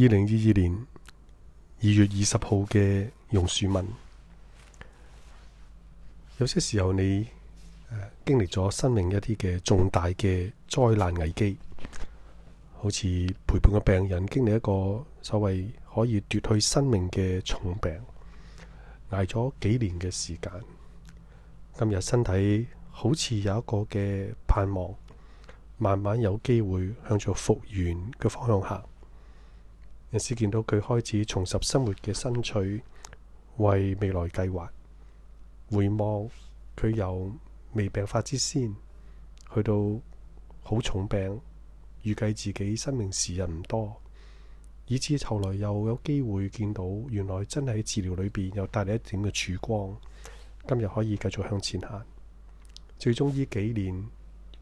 二零二二年二月二十號嘅榕樹文，有些時候你經歷咗生命一啲嘅重大嘅災難危機，好似陪伴個病人經歷一個所謂可以奪去生命嘅重病，挨咗幾年嘅時間，今日身體好似有一個嘅盼望，慢慢有機會向住復原嘅方向行。人士見到佢開始重拾生活嘅生趣，為未來計劃。回望佢由未病發之先，去到好重病，預計自己生命時日唔多，以至後來又有機會見到，原來真係喺治療裏邊又帶嚟一點嘅曙光。今日可以繼續向前行。最終呢幾年，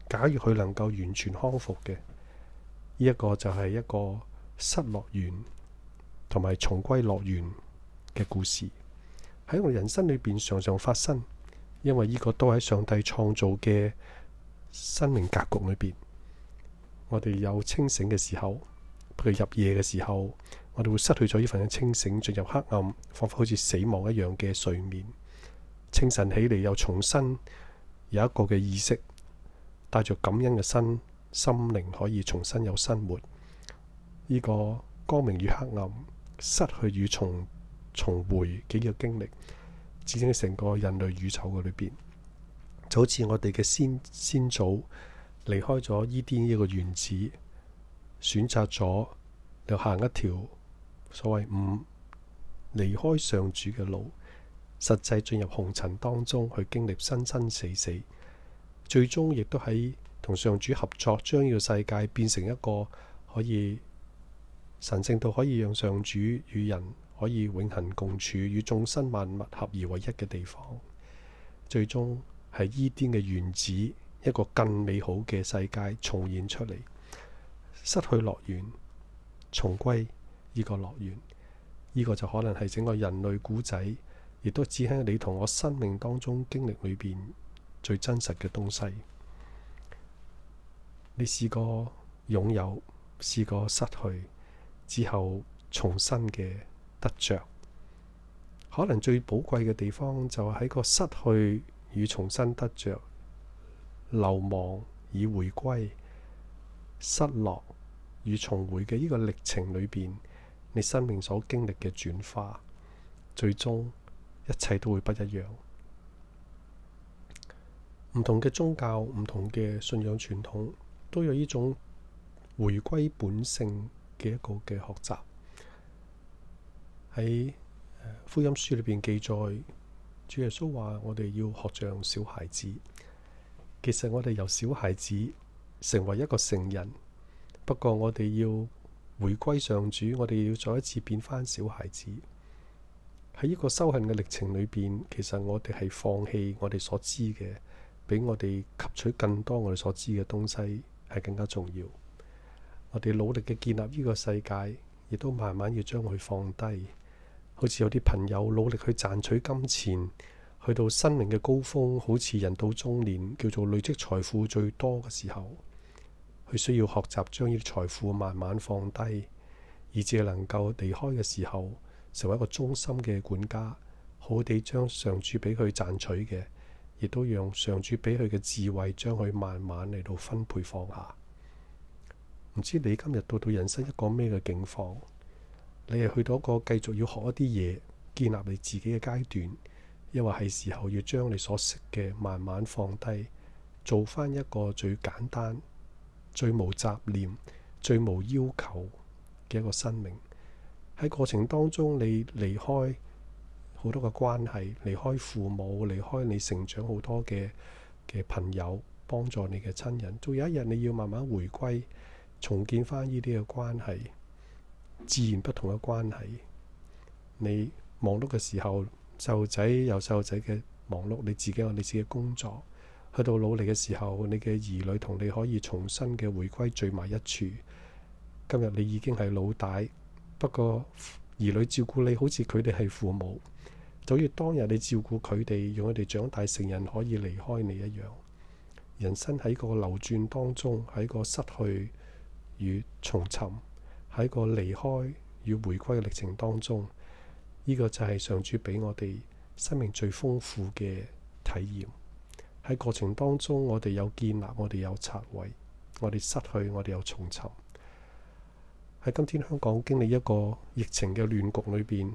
假如佢能夠完全康復嘅，呢一個就係一個。失落完，同埋重歸樂園嘅故事，喺我人生裏邊常常發生。因為呢個都喺上帝創造嘅生命格局裏邊。我哋有清醒嘅時候，譬如入夜嘅時候，我哋會失去咗呢份清醒，進入黑暗，仿佛好似死亡一樣嘅睡眠。清晨起嚟又重新有一個嘅意識，帶着感恩嘅心，心靈可以重新有生活。呢個光明與黑暗、失去與重重回幾個經歷，展現成個人類宇宙嘅裏邊，就好似我哋嘅先先祖離開咗呢啲一個原子，選擇咗就行一條所謂唔離開上主嘅路，實際進入紅塵當中去經歷生生死死，最終亦都喺同上主合作，將呢個世界變成一個可以。神聖到可以讓上主與人可以永恒共處，與眾生萬物合而為一嘅地方，最終係伊甸嘅原子一個更美好嘅世界重現出嚟。失去樂園，重歸呢個樂園，呢、呢個就可能係整個人類古仔，亦都只喺你同我生命當中經歷裏邊最真實嘅東西。你試過擁有，試過失去。之後重新嘅得着，可能最寶貴嘅地方就係個失去與重新得着、流亡與回歸、失落與重回嘅呢個歷程裏邊，你生命所經歷嘅轉化，最終一切都會不一樣。唔同嘅宗教、唔同嘅信仰傳統都有呢種回歸本性。嘅一個嘅學習，喺福音書裏邊記載，主耶穌話：我哋要學像小孩子。其實我哋由小孩子成為一個成人，不過我哋要回歸上主，我哋要再一次變返小孩子。喺呢個修行嘅歷程裏邊，其實我哋係放棄我哋所知嘅，比我哋吸取更多我哋所知嘅東西係更加重要。我哋努力嘅建立呢個世界，亦都慢慢要將佢放低。好似有啲朋友努力去賺取金錢，去到生命嘅高峰，好似人到中年，叫做累積財富最多嘅時候，佢需要學習將呢啲財富慢慢放低，以至能夠離開嘅時候，成為一個忠心嘅管家，好好哋將上主俾佢賺取嘅，亦都讓上主俾佢嘅智慧，將佢慢慢嚟到分配放下。唔知你今日到到人生一個咩嘅境況？你係去到一個繼續要學一啲嘢、建立你自己嘅階段，因為係時候要將你所識嘅慢慢放低，做翻一個最簡單、最無雜念、最無要求嘅一個生命。喺過程當中，你離開好多嘅關係，離開父母，離開你成長好多嘅嘅朋友，幫助你嘅親人。仲有一日，你要慢慢回歸。重建翻呢啲嘅關係，自然不同嘅關係。你忙碌嘅時候，細路仔有細路仔嘅忙碌，你自己有你自己工作，去到努力嘅時候，你嘅兒女同你可以重新嘅回歸聚埋一處。今日你已經係老大，不過兒女照顧你好似佢哋係父母，就好似當日你照顧佢哋，讓佢哋長大成人，可以離開你一樣。人生喺個流轉當中，喺個失去，與重尋喺個離開與回歸嘅歷程當中，呢、這個就係上主俾我哋生命最豐富嘅體驗。喺過程當中，我哋有建立，我哋有拆毀，我哋失去，我哋又重尋。喺今天香港經歷一個疫情嘅亂局裏邊，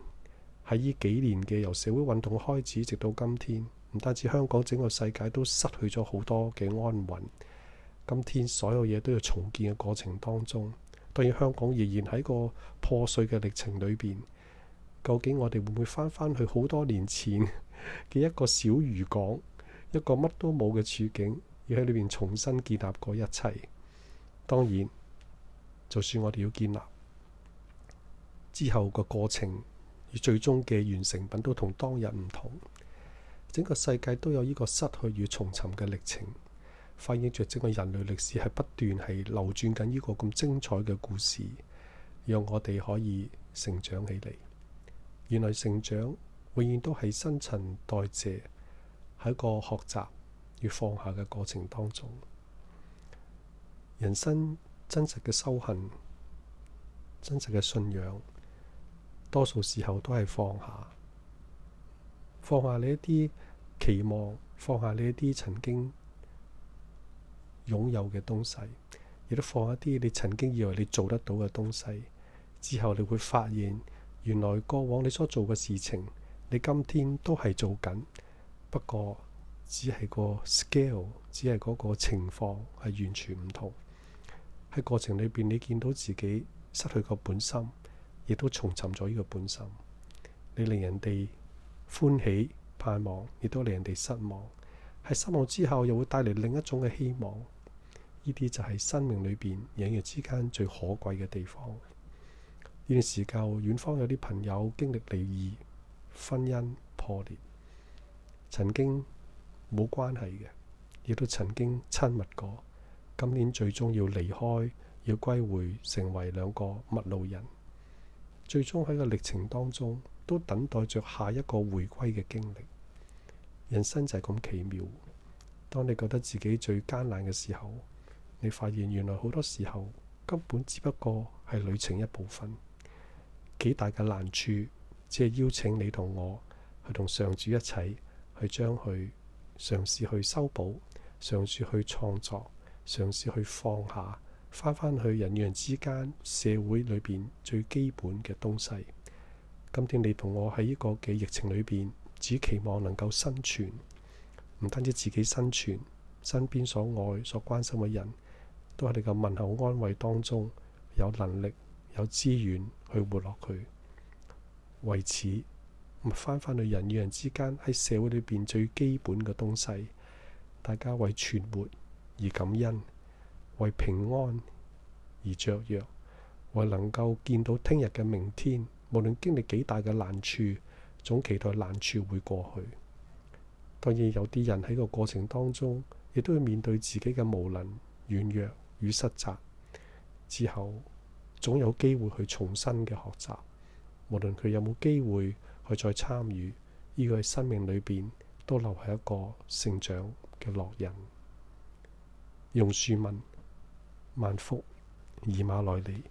喺呢幾年嘅由社會運動開始，直到今天，唔單止香港，整個世界都失去咗好多嘅安穩。今天所有嘢都要重建嘅過程當中，對於香港而言，喺個破碎嘅歷程裏邊，究竟我哋會唔會翻翻去好多年前嘅一個小漁港，一個乜都冇嘅處境，要喺裏邊重新建立嗰一切？當然，就算我哋要建立之後個過程，與最終嘅完成品都同當日唔同。整個世界都有呢個失去與重尋嘅歷程。反映着整個人類歷史係不斷係流轉緊呢個咁精彩嘅故事，讓我哋可以成長起嚟。原來成長永遠都係新陳代謝，喺一個學習與放下嘅過程當中。人生真實嘅修行、真實嘅信仰，多數時候都係放下，放下你一啲期望，放下你一啲曾經擁有嘅東西，亦都放一啲你曾經以為你做得到嘅東西，之後你會發現，原來過往你所做嘅事情，你今天都係做緊，不過只係個 scale，只係嗰個情況係完全唔同。喺過程裏邊，你見到自己失去個本心，亦都重尋咗呢個本心。你令人哋歡喜盼望，亦都令人哋失望。喺失望之後，又會帶嚟另一種嘅希望。呢啲就係生命裏邊隱約之間最可貴嘅地方。呢段時間，遠方有啲朋友經歷離異、婚姻破裂，曾經冇關係嘅，亦都曾經親密過。今年最終要離開，要歸回，成為兩個陌路人。最終喺個歷程當中，都等待着下一個回歸嘅經歷。人生就係咁奇妙。當你覺得自己最艱難嘅時候，你發現原來好多時候根本只不過係旅程一部分。幾大嘅難處只係邀請你同我去同上主一齊去將佢嘗試去修補，嘗試去創作，嘗試去放下，翻返去人與人之間社會裏邊最基本嘅東西。今天你同我喺呢個嘅疫情裏邊，只期望能夠生存，唔單止自己生存，身邊所愛、所關心嘅人都喺你嘅問候、安慰當中，有能力、有資源去活落去。為此，翻返去人與人之間喺社會裏邊最基本嘅東西，大家為存活而感恩，為平安而雀躍，為能夠見到聽日嘅明天，無論經歷幾大嘅難處。總期待難處會過去，當然有啲人喺個過程當中，亦都會面對自己嘅無能、軟弱與失責，之後總有機會去重新嘅學習。無論佢有冇機會去再參與，依個喺生命裏邊都留下一個成長嘅烙印。用樹文萬福，以馬內利。